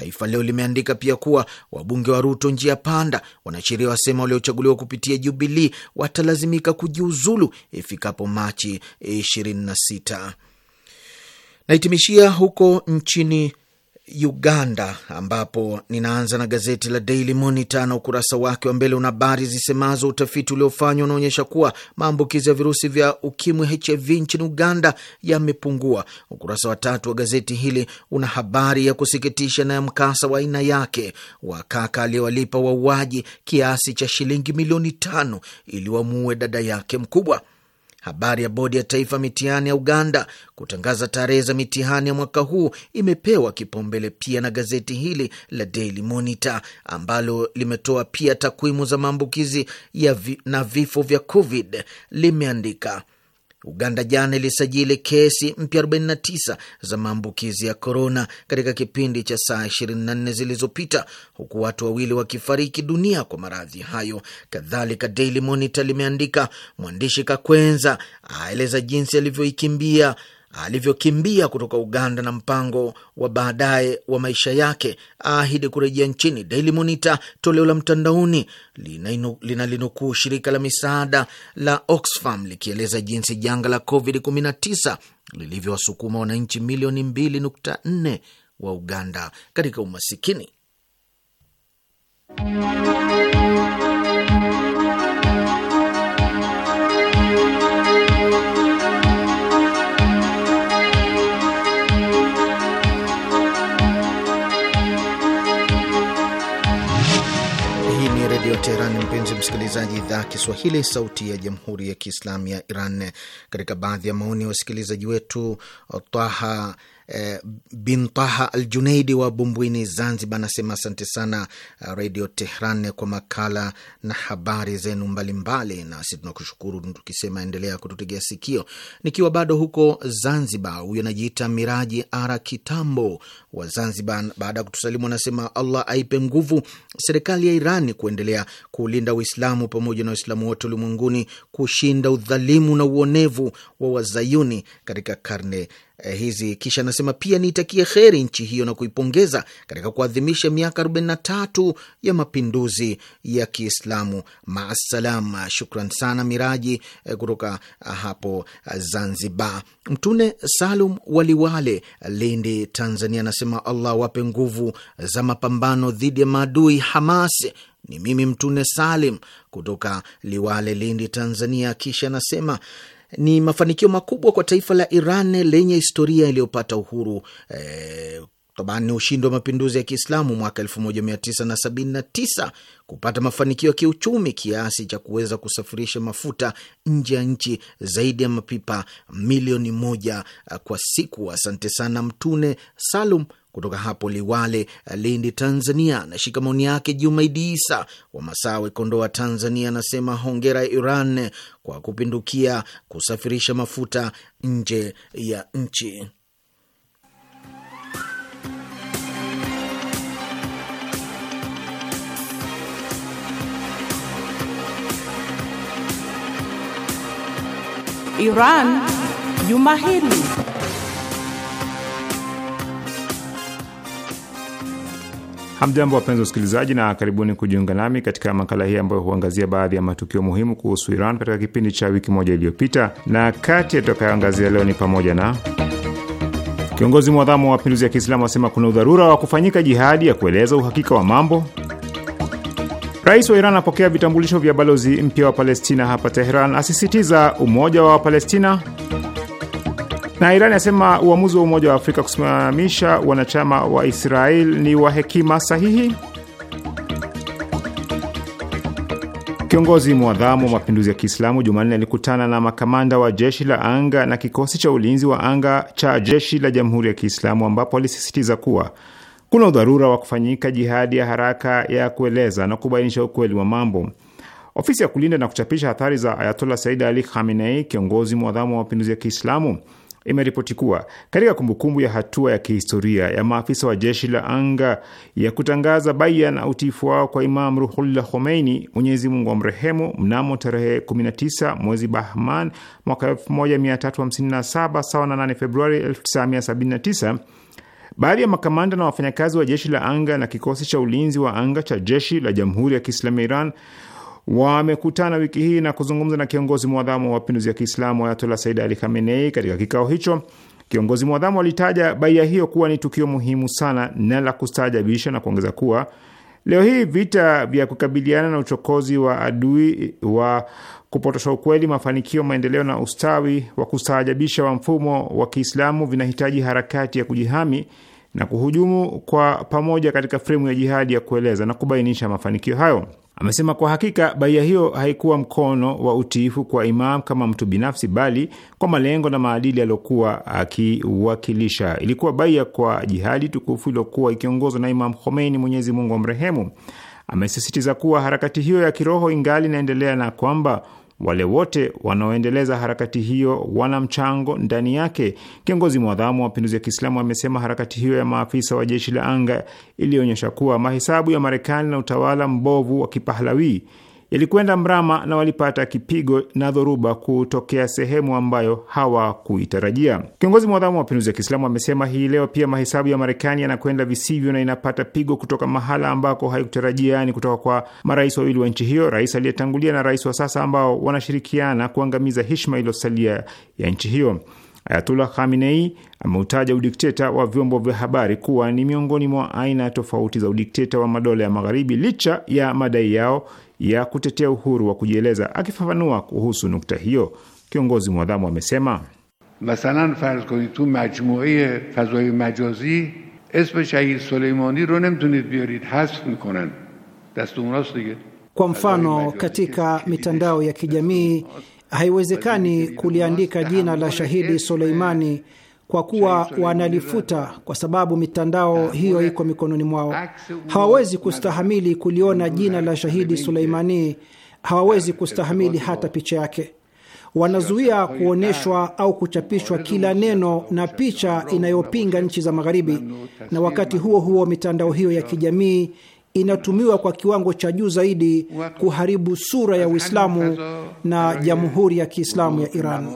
Taifa Leo limeandika pia kuwa wabunge wa Ruto njia panda, wanasheria wasema waliochaguliwa kupitia Jubilii watalazimika kujiuzulu ifikapo Machi 26. nahitimishia huko nchini Uganda, ambapo ninaanza na gazeti la Daily Monitor na ukurasa wake wa mbele una habari zisemazo utafiti uliofanywa unaonyesha kuwa maambukizi ya virusi vya ukimwi HIV nchini Uganda yamepungua. Ukurasa wa tatu wa gazeti hili una habari ya kusikitisha na ya mkasa wa aina yake wa kaka aliyewalipa wauaji kiasi cha shilingi milioni tano ili wamuue dada yake mkubwa. Habari ya bodi ya taifa mitihani ya Uganda kutangaza tarehe za mitihani ya mwaka huu imepewa kipaumbele pia na gazeti hili la Daily Monitor ambalo limetoa pia takwimu za maambukizi na vifo vya COVID. Limeandika Uganda jana ilisajili kesi mpya 49 za maambukizi ya korona katika kipindi cha saa 24 zilizopita, huku watu wawili wakifariki dunia kwa maradhi hayo. Kadhalika, Daily Monitor limeandika mwandishi Kakwenza aeleza jinsi alivyoikimbia alivyokimbia kutoka Uganda na mpango wa baadaye wa maisha yake, aahidi kurejea nchini. Daily Monitor toleo la mtandaoni linalinukuu shirika la misaada la Oxfam likieleza jinsi janga la COVID-19 lilivyowasukuma wananchi milioni 2.4 wa Uganda katika umasikini msikilizaji, idhaa Kiswahili sauti ya jamhuri ya kiislamu ya Iran. Katika baadhi ya maoni ya wasikilizaji wetu, Taha eh, bin Taha al Junaidi wa Bumbwini, Zanzibar, anasema asante sana eh, Redio Tehran kwa makala na habari zenu mbalimbali, nasi tunakushukuru tukisema endelea kututegea sikio. Nikiwa bado huko Zanzibar, huyo anajiita Miraji Ara Kitambo wa Zanzibar baada ya kutusalimu anasema, Allah aipe nguvu serikali ya iran kuendelea kuulinda Uislamu pamoja na Waislamu wote ulimwenguni, kushinda udhalimu na uonevu wa Wazayuni katika karne eh, hizi. Kisha anasema pia niitakie kheri nchi hiyo na kuipongeza katika kuadhimisha miaka 43 ya mapinduzi ya Kiislamu. Maasalama. Shukran sana Miraji eh, kutoka ah, hapo Zanzibar. Mtune Salum Waliwale, Lindi, Tanzania, anasema Allah wape nguvu za mapambano dhidi ya maadui Hamas. Ni mimi Mtune Salim kutoka Liwale, Lindi, Tanzania. Kisha anasema ni mafanikio makubwa kwa taifa la Iran lenye historia iliyopata uhuru eh, Taban ni ushindi wa mapinduzi ya Kiislamu mwaka 1979 kupata mafanikio ya kiuchumi kiasi cha kuweza kusafirisha mafuta nje ya nchi zaidi ya mapipa milioni moja uh, kwa siku. Asante sana Mtune Salum kutoka hapo Liwale, uh, Lindi, Tanzania. Nashika maoni yake Jumaidi Isa wa Masawe, Kondoa, Tanzania, anasema hongera Iran kwa kupindukia kusafirisha mafuta nje ya nchi. Iran juma hili. Hamjambo, wapenzi wasikilizaji, na karibuni kujiunga nami katika makala hii ambayo huangazia baadhi ya matukio muhimu kuhusu Iran katika kipindi cha wiki moja iliyopita, na kati ya tutakayoangazia leo ni pamoja na kiongozi mwadhamu wa mapinduzi ya Kiislamu asema kuna udharura wa kufanyika jihadi ya kueleza uhakika wa mambo Rais wa Iran apokea vitambulisho vya balozi mpya wa Palestina hapa Teheran, asisitiza umoja wa Palestina na Iran asema uamuzi wa Umoja wa Afrika kusimamisha wanachama wa Israel ni wa hekima sahihi. Kiongozi mwadhamu wa mapinduzi ya Kiislamu Jumanne alikutana na makamanda wa jeshi la anga na kikosi cha ulinzi wa anga cha jeshi la Jamhuri ya Kiislamu ambapo alisisitiza kuwa kuna udharura wa kufanyika jihadi ya haraka ya kueleza na kubainisha ukweli wa mambo. Ofisi ya kulinda na kuchapisha hathari za Ayatollah Said Ali Khamenei, kiongozi mwadhamu wa mapinduzi ya Kiislamu, imeripoti kuwa katika kumbukumbu ya hatua ya kihistoria ya maafisa wa jeshi la anga ya kutangaza baia na utiifu wao kwa Imam Ruhullah Khomeini, Mwenyezi Mungu wa mrehemu mnamo tarehe 19 mwezi Bahman mwaka 1357 sawa na 8 Februari 1979 Baadhi ya makamanda na wafanyakazi wa jeshi la anga na kikosi cha ulinzi wa anga cha jeshi la jamhuri ya Kiislamu ya Iran wamekutana wiki hii na kuzungumza na kiongozi mwadhamu wa mapinduzi ya Kiislamu Ayatola Said Ali Khamenei. Katika kikao hicho, kiongozi mwadhamu alitaja baia hiyo kuwa ni tukio muhimu sana na la kustaajabisha na kuongeza kuwa leo hii vita vya kukabiliana na uchokozi wa adui wa kupotosha ukweli, mafanikio, maendeleo na ustawi wa kustaajabisha wa mfumo wa Kiislamu vinahitaji harakati ya kujihami na kuhujumu kwa pamoja katika fremu ya jihadi ya kueleza na kubainisha mafanikio hayo. Amesema kwa hakika baia hiyo haikuwa mkono wa utiifu kwa Imam kama mtu binafsi, bali kwa malengo na maadili aliyokuwa akiwakilisha. Ilikuwa baia kwa jihadi tukufu iliyokuwa ikiongozwa na Imam Khomeini, Mwenyezi Mungu amrehemu. Amesisitiza kuwa harakati hiyo ya kiroho ingali inaendelea na kwamba wale wote wanaoendeleza harakati hiyo wana mchango ndani yake. Kiongozi mwadhamu wa mapinduzi ya Kiislamu amesema harakati hiyo ya maafisa wa jeshi la anga ilionyesha kuwa mahesabu ya Marekani na utawala mbovu wa kipahlawii yalikwenda mrama na walipata kipigo na dhoruba kutokea sehemu ambayo hawakuitarajia. Kiongozi mwadhamu wa mapinduzi ya Kiislamu amesema hii leo pia mahesabu ya Marekani yanakwenda visivyo na inapata pigo kutoka mahala ambako haikutarajia, yaani kutoka kwa marais wawili wa nchi hiyo, rais aliyetangulia na rais wa sasa, ambao wanashirikiana kuangamiza heshima iliyosalia ya nchi hiyo. Ayatullah Khamenei ameutaja udikteta wa vyombo vya habari kuwa ni miongoni mwa aina tofauti za udikteta wa madola ya Magharibi licha ya madai yao ya kutetea uhuru wa kujieleza. Akifafanua kuhusu nukta hiyo, kiongozi mwadhamu amesema masalan farz konid tu majazi shahid Suleimani ro nemtunid hasf mikonan dige. Kwa mfano katika mitandao ya kijamii haiwezekani kuliandika jina la shahidi Suleimani kwa kuwa wanalifuta, kwa sababu mitandao hiyo iko mikononi mwao. Hawawezi kustahamili kuliona jina la shahidi Suleimani, hawawezi kustahamili hata picha yake. Wanazuia kuonyeshwa au kuchapishwa kila neno na picha inayopinga nchi za Magharibi, na wakati huo huo mitandao hiyo ya kijamii inatumiwa kwa kiwango cha juu zaidi kuharibu sura ya Uislamu na Jamhuri ya Kiislamu ya Iran.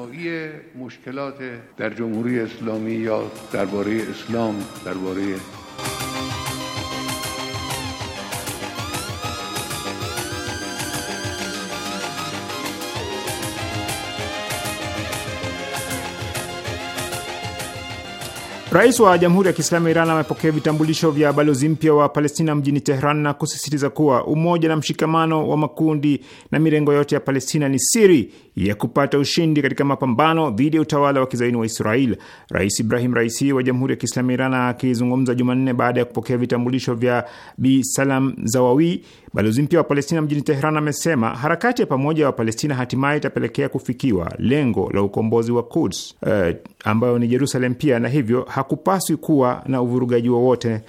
Rais wa Jamhuri ya Kiislamu ya Iran amepokea vitambulisho vya balozi mpya wa Palestina mjini Tehran na kusisitiza kuwa umoja na mshikamano wa makundi na mirengo yote ya Palestina ni siri ya kupata ushindi katika mapambano dhidi ya utawala wa kizaini wa Israel. Rais Ibrahim Raisi wa Jamhuri ya Kiislamu Iran akizungumza Jumanne baada ya kupokea vitambulisho vya Bi Salam Zawawi, balozi mpya wa Palestina mjini Teheran, amesema harakati ya pamoja ya wapalestina hatimaye itapelekea kufikiwa lengo la ukombozi wa Kuds, uh, eh, ambayo ni Jerusalem pia, na hivyo hakupaswi kuwa na uvurugaji wowote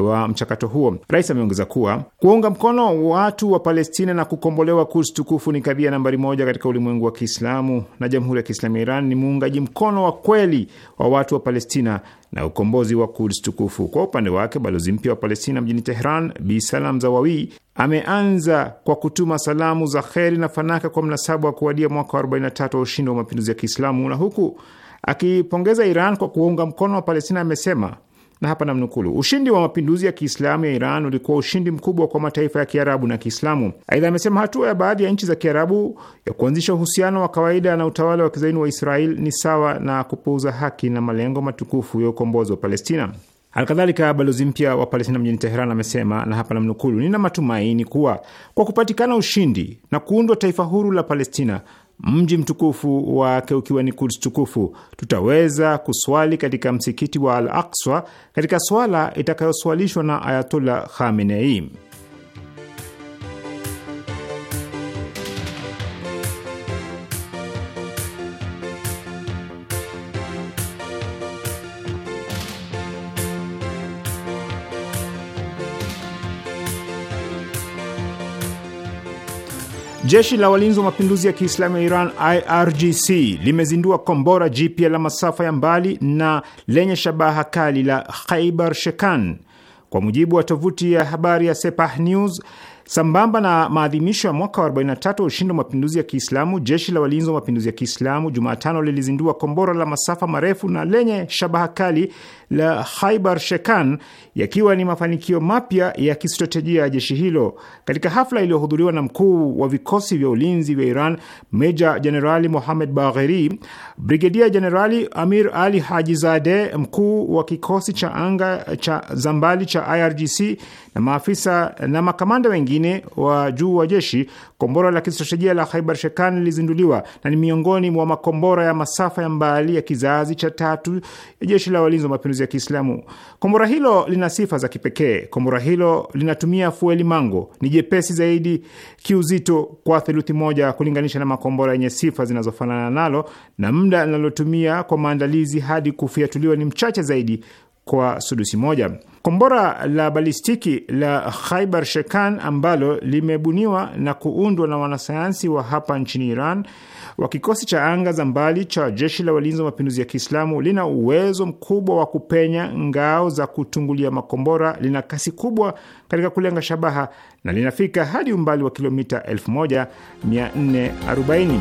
wa mchakato huo. Rais ameongeza kuwa kuunga mkono watu wa Palestina na kukombolewa kurs tukufu ni kadhia nambari moja katika ulimwengu wa Kiislamu, na Jamhuri ya Kiislamu ya Iran ni muungaji mkono wa kweli wa watu wa Palestina na ukombozi wa kurs tukufu. Kwa upande wake, balozi mpya wa Palestina mjini Tehran Bi Salam Zawawi ameanza kwa kutuma salamu za kheri na fanaka kwa mnasaba wa kuwadia mwaka wa 43 wa ushindi wa mapinduzi ya Kiislamu, na huku akipongeza Iran kwa kuunga mkono wa Palestina amesema na hapa namnukulu, ushindi wa mapinduzi ya Kiislamu ya Iran ulikuwa ushindi mkubwa kwa mataifa ya Kiarabu na Kiislamu. Aidha amesema hatua ya baadhi ya nchi za Kiarabu ya kuanzisha uhusiano wa kawaida na utawala wa kizaini wa Israel ni sawa na kupuuza haki na malengo matukufu ya ukombozi wa Palestina. alkadhalika balozi mpya wa Palestina mjini Teheran amesema na hapa namnukulu, nina matumaini kuwa kwa kupatikana ushindi na kuundwa taifa huru la Palestina mji mtukufu wake ukiwa ni Kuds tukufu. Tutaweza kuswali katika msikiti wa Al Akswa katika swala itakayoswalishwa na Ayatollah Khamenei. Jeshi la walinzi wa mapinduzi ya Kiislamu ya Iran IRGC limezindua kombora jipya la masafa ya mbali na lenye shabaha kali la Khaibar Shekan. Kwa mujibu wa tovuti ya habari ya Sepah News, Sambamba na maadhimisho ya mwaka wa 43 wa ushindi wa mapinduzi ya Kiislamu, jeshi la walinzi wa mapinduzi ya Kiislamu Jumatano lilizindua kombora la masafa marefu na lenye shabaha kali la Khaibar Shekan, yakiwa ni mafanikio mapya ya kistratejia ya jeshi hilo. Katika hafla iliyohudhuriwa na mkuu wa vikosi vya ulinzi vya Iran, meja jenerali Mohamed Bagheri, brigedia jenerali Amir Ali Haji Zade, mkuu wa kikosi cha anga cha Zambali cha IRGC na maafisa na makamanda wengine wa juu wa jeshi. Kombora la kistratejia la Khaibar Shekan lilizinduliwa na ni miongoni mwa makombora ya masafa ya mbali ya kizazi cha tatu ya jeshi la walinzi wa mapinduzi ya Kiislamu. Kombora hilo lina sifa za kipekee. Kombora hilo linatumia fueli mango, ni jepesi zaidi kiuzito kwa theluthi moja kulinganisha na makombora yenye sifa zinazofanana nalo, na muda linalotumia kwa maandalizi hadi kufiatuliwa ni mchache zaidi kwa sudusi moja. Kombora la balistiki la Khaibar Shekan ambalo limebuniwa na kuundwa na wanasayansi wa hapa nchini Iran wa kikosi cha anga za mbali cha jeshi la walinzi wa mapinduzi ya Kiislamu lina uwezo mkubwa wa kupenya ngao za kutungulia makombora, lina kasi kubwa katika kulenga shabaha na linafika hadi umbali wa kilomita 1440.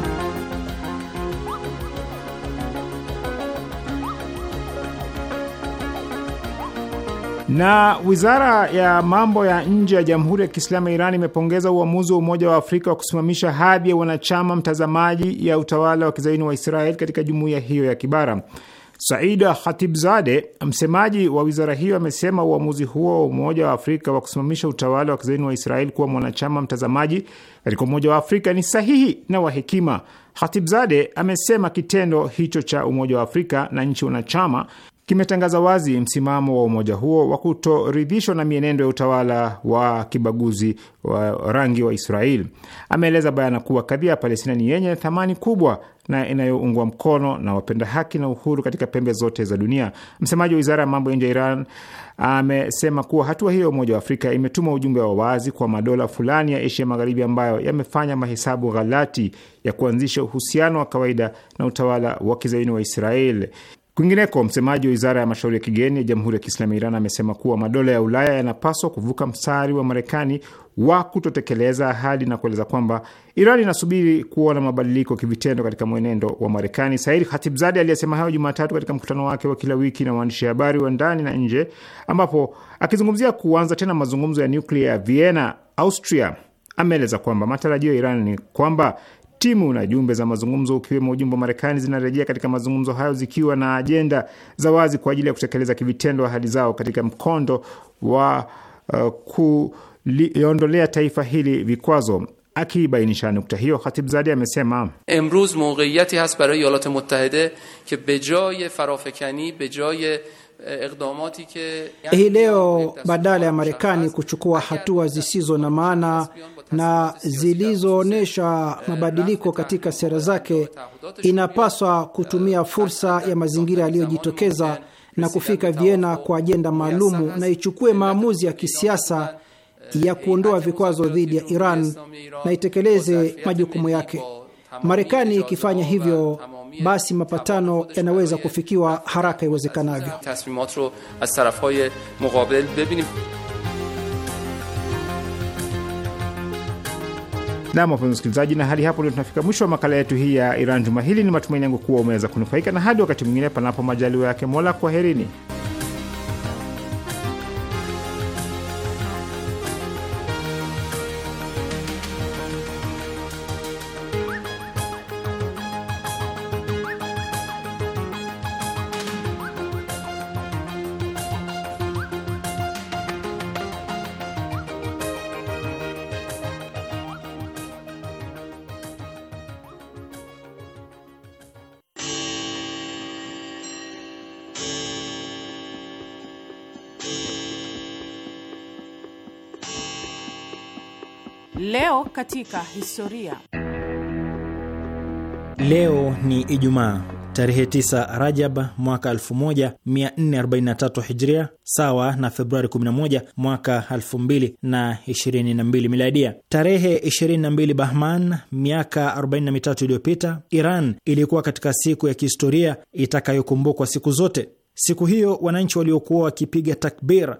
Na wizara ya mambo ya nje ya Jamhuri ya Kiislamu ya Iran imepongeza uamuzi wa Umoja wa Afrika wa kusimamisha hadhi ya wanachama mtazamaji ya utawala wa kizaini wa Israel katika jumuiya hiyo ya kibara. Saida Khatibzade, msemaji wa wizara hiyo, amesema uamuzi huo wa Umoja wa Afrika wa kusimamisha utawala wa kizaini wa Israel kuwa mwanachama mtazamaji katika Umoja wa Afrika ni sahihi na wa hekima. Khatibzade amesema kitendo hicho cha Umoja wa Afrika na nchi wanachama kimetangaza wazi msimamo wa umoja huo wa kutoridhishwa na mienendo ya utawala wa kibaguzi wa rangi wa israel Ameeleza bayana kuwa kadhia ya Palestina ni yenye thamani kubwa na inayoungwa mkono na wapenda haki na uhuru katika pembe zote za dunia. Msemaji wa wizara ya mambo ya nje ya Iran amesema kuwa hatua hiyo ya Umoja wa Afrika imetuma ujumbe wa wazi kwa madola fulani ya Asia Magharibi ambayo yamefanya mahesabu ghalati ya kuanzisha uhusiano wa kawaida na utawala wa kizaini wa israel Kwingineko, msemaji wa wizara ya mashauri ya kigeni ya Jamhuri ya Kiislamu ya Iran amesema kuwa madola ya Ulaya yanapaswa kuvuka mstari wa Marekani wa kutotekeleza ahadi na kueleza kwamba Iran inasubiri kuona mabadiliko kivitendo katika mwenendo wa Marekani. Said hatibzadi aliyesema hayo Jumatatu katika mkutano wake wa kila wiki na waandishi habari wa ndani na nje, ambapo akizungumzia kuanza tena mazungumzo ya nyuklia ya Vienna, Austria, ameeleza kwamba matarajio ya Iran ni kwamba timu na jumbe za mazungumzo ukiwemo ujumbe wa Marekani zinarejea katika mazungumzo hayo zikiwa na ajenda za wazi kwa ajili ya kutekeleza kivitendo ahadi zao katika mkondo wa uh, kuliondolea taifa hili vikwazo. Akibainisha nukta hiyo, Khatibzadi amesema emruz mogeiyati hast baraye yalat mutahide ke bejaye farafekani bejaye hii leo badala ya Marekani kuchukua hatua zisizo na maana na zilizoonyesha mabadiliko katika sera zake, inapaswa kutumia fursa ya mazingira yaliyojitokeza na kufika Vienna kwa ajenda maalumu na ichukue maamuzi ya kisiasa ya kuondoa vikwazo dhidi ya Iran na itekeleze majukumu yake. Marekani ikifanya hivyo, basi mapatano yanaweza kufikiwa haraka iwezekanavyo. na wapenzi msikilizaji, na hadi hapo ndio tunafika mwisho wa makala yetu hii ya Iran juma hili. Ni matumaini yangu kuwa umeweza kunufaika, na hadi wakati mwingine, panapo majaliwa yake Mola, kwaherini. Leo katika historia. Leo ni Ijumaa tarehe 9 Rajab mwaka 1443 Hijria, sawa na Februari 11 mwaka 2022 Miladia. Tarehe 22 Bahman, miaka 43 iliyopita, Iran ilikuwa katika siku ya kihistoria itakayokumbukwa siku zote. Siku hiyo wananchi waliokuwa wakipiga takbir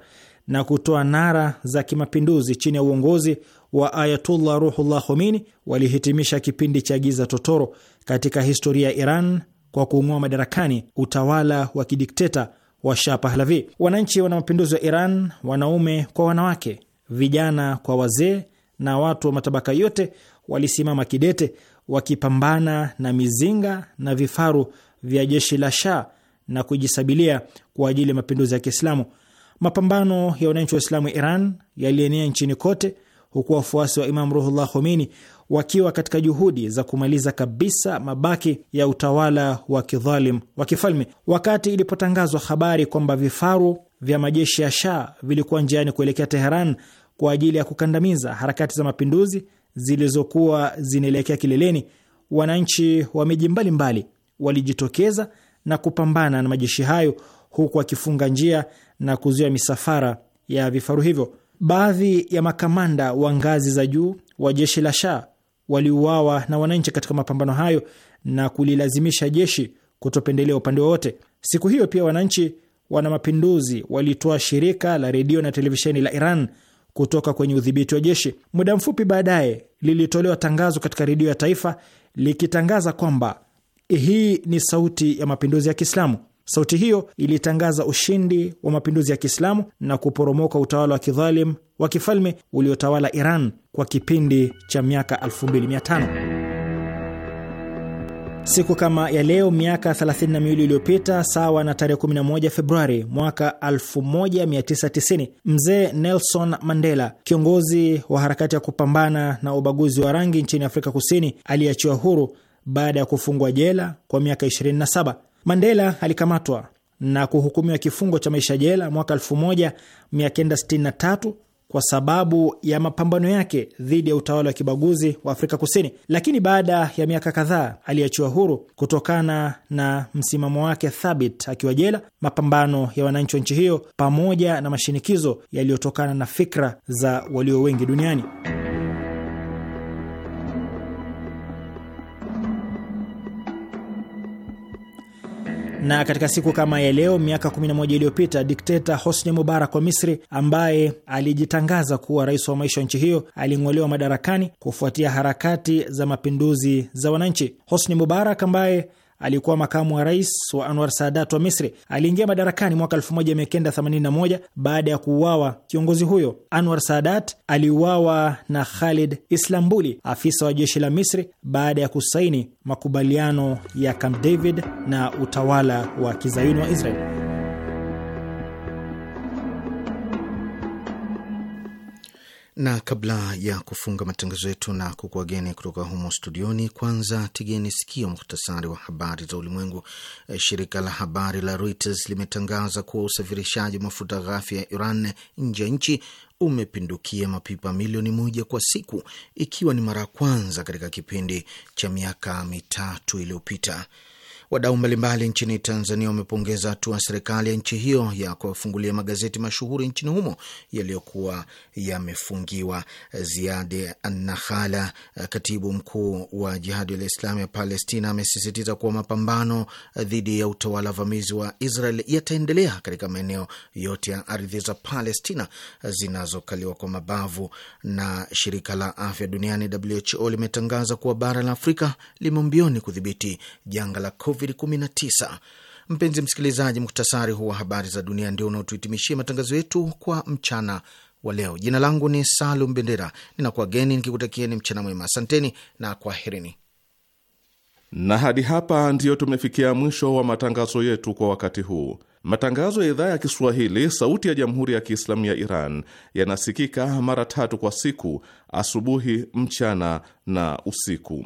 na kutoa nara za kimapinduzi chini ya uongozi wa Ayatullah Ruhullah Khomeini walihitimisha kipindi cha giza totoro katika historia ya Iran kwa kuung'oa madarakani utawala wa kidikteta wa Shah Pahlavi. Wananchi wana mapinduzi wa Iran, wanaume kwa wanawake, vijana kwa wazee, na watu wa matabaka yote walisimama kidete, wakipambana na mizinga na vifaru vya jeshi la Shah na kujisabilia kwa ajili ya mapinduzi ya Kiislamu. Mapambano ya wananchi wa Islamu Iran yalienea nchini kote huku wafuasi wa Imam Ruhullah Khomeini wakiwa katika juhudi za kumaliza kabisa mabaki ya utawala wa kidhalim wa kifalme. Wakati ilipotangazwa habari kwamba vifaru vya majeshi ya Shah vilikuwa njiani kuelekea Teheran kwa ajili ya kukandamiza harakati za mapinduzi zilizokuwa zinaelekea kileleni, wananchi wa miji mbalimbali walijitokeza na kupambana na majeshi hayo, huku wakifunga njia na kuzuia misafara ya vifaru hivyo. Baadhi ya makamanda wa ngazi za juu wa jeshi la Shah waliuawa na wananchi katika mapambano hayo na kulilazimisha jeshi kutopendelea upande wowote. Siku hiyo pia wananchi wana mapinduzi walitoa shirika la redio na televisheni la Iran kutoka kwenye udhibiti wa jeshi. Muda mfupi baadaye lilitolewa tangazo katika redio ya taifa likitangaza kwamba hii ni sauti ya mapinduzi ya Kiislamu. Sauti hiyo ilitangaza ushindi wa mapinduzi ya Kiislamu na kuporomoka utawala wa kidhalim wa kifalme uliotawala Iran kwa kipindi cha miaka 2500. Siku kama ya leo miaka 32 iliyopita, sawa na tarehe 11 Februari mwaka 1990, mzee Nelson Mandela, kiongozi wa harakati ya kupambana na ubaguzi wa rangi nchini Afrika Kusini, aliachiwa huru baada ya kufungwa jela kwa miaka 27. Mandela alikamatwa na kuhukumiwa kifungo cha maisha jela mwaka 1963 kwa sababu ya mapambano yake dhidi ya utawala wa kibaguzi wa Afrika Kusini, lakini baada ya miaka kadhaa aliachiwa huru kutokana na msimamo wake thabit akiwa jela, mapambano ya wananchi wa nchi hiyo, pamoja na mashinikizo yaliyotokana na fikra za walio wengi duniani. Na katika siku kama ya leo miaka 11 iliyopita dikteta Hosni Mubarak wa Misri ambaye alijitangaza kuwa rais wa maisha wa nchi hiyo aling'olewa madarakani kufuatia harakati za mapinduzi za wananchi. Hosni Mubarak ambaye aliyekuwa makamu wa rais wa Anwar Sadat wa Misri. Aliingia madarakani mwaka 1981 baada ya kuuawa kiongozi huyo. Anwar Sadat aliuawa na Khalid Islambuli, afisa wa jeshi la Misri, baada ya kusaini makubaliano ya Camp David na utawala wa kizayuni wa Israel. na kabla ya kufunga matangazo yetu na kukuageni kutoka humo studioni, kwanza tigeni sikio muhtasari wa habari za ulimwengu. Eh, shirika la habari la Reuters limetangaza kuwa usafirishaji wa mafuta ghafi ya Iran nje ya nchi umepindukia mapipa milioni moja kwa siku, ikiwa ni mara ya kwanza katika kipindi cha miaka mitatu iliyopita. Wadau mbalimbali nchini Tanzania wamepongeza hatua serikali ya nchi hiyo ya kuwafungulia magazeti mashuhuri nchini humo yaliyokuwa yamefungiwa. Ziadi nahala katibu mkuu wa Jihadi la Islamu ya Palestina, amesisitiza kuwa mapambano dhidi ya utawala vamizi wa Israel yataendelea katika maeneo yote ya ardhi za Palestina zinazokaliwa kwa mabavu. Na shirika la afya duniani WHO limetangaza kuwa bara la Afrika limo mbioni kudhibiti janga la COVID COVID-19. Mpenzi msikilizaji, muktasari huu wa habari za dunia ndio unaotuhitimishia matangazo yetu kwa mchana wa leo. Jina langu ni Salum Bendera, ninakuwageni nikikutakieni mchana mwema. Asanteni na kwaherini. Na hadi hapa ndiyo tumefikia mwisho wa matangazo yetu kwa wakati huu. Matangazo ya idhaa ya Kiswahili, sauti ya jamhuri ya kiislamu ya Iran yanasikika mara tatu kwa siku: asubuhi, mchana na usiku.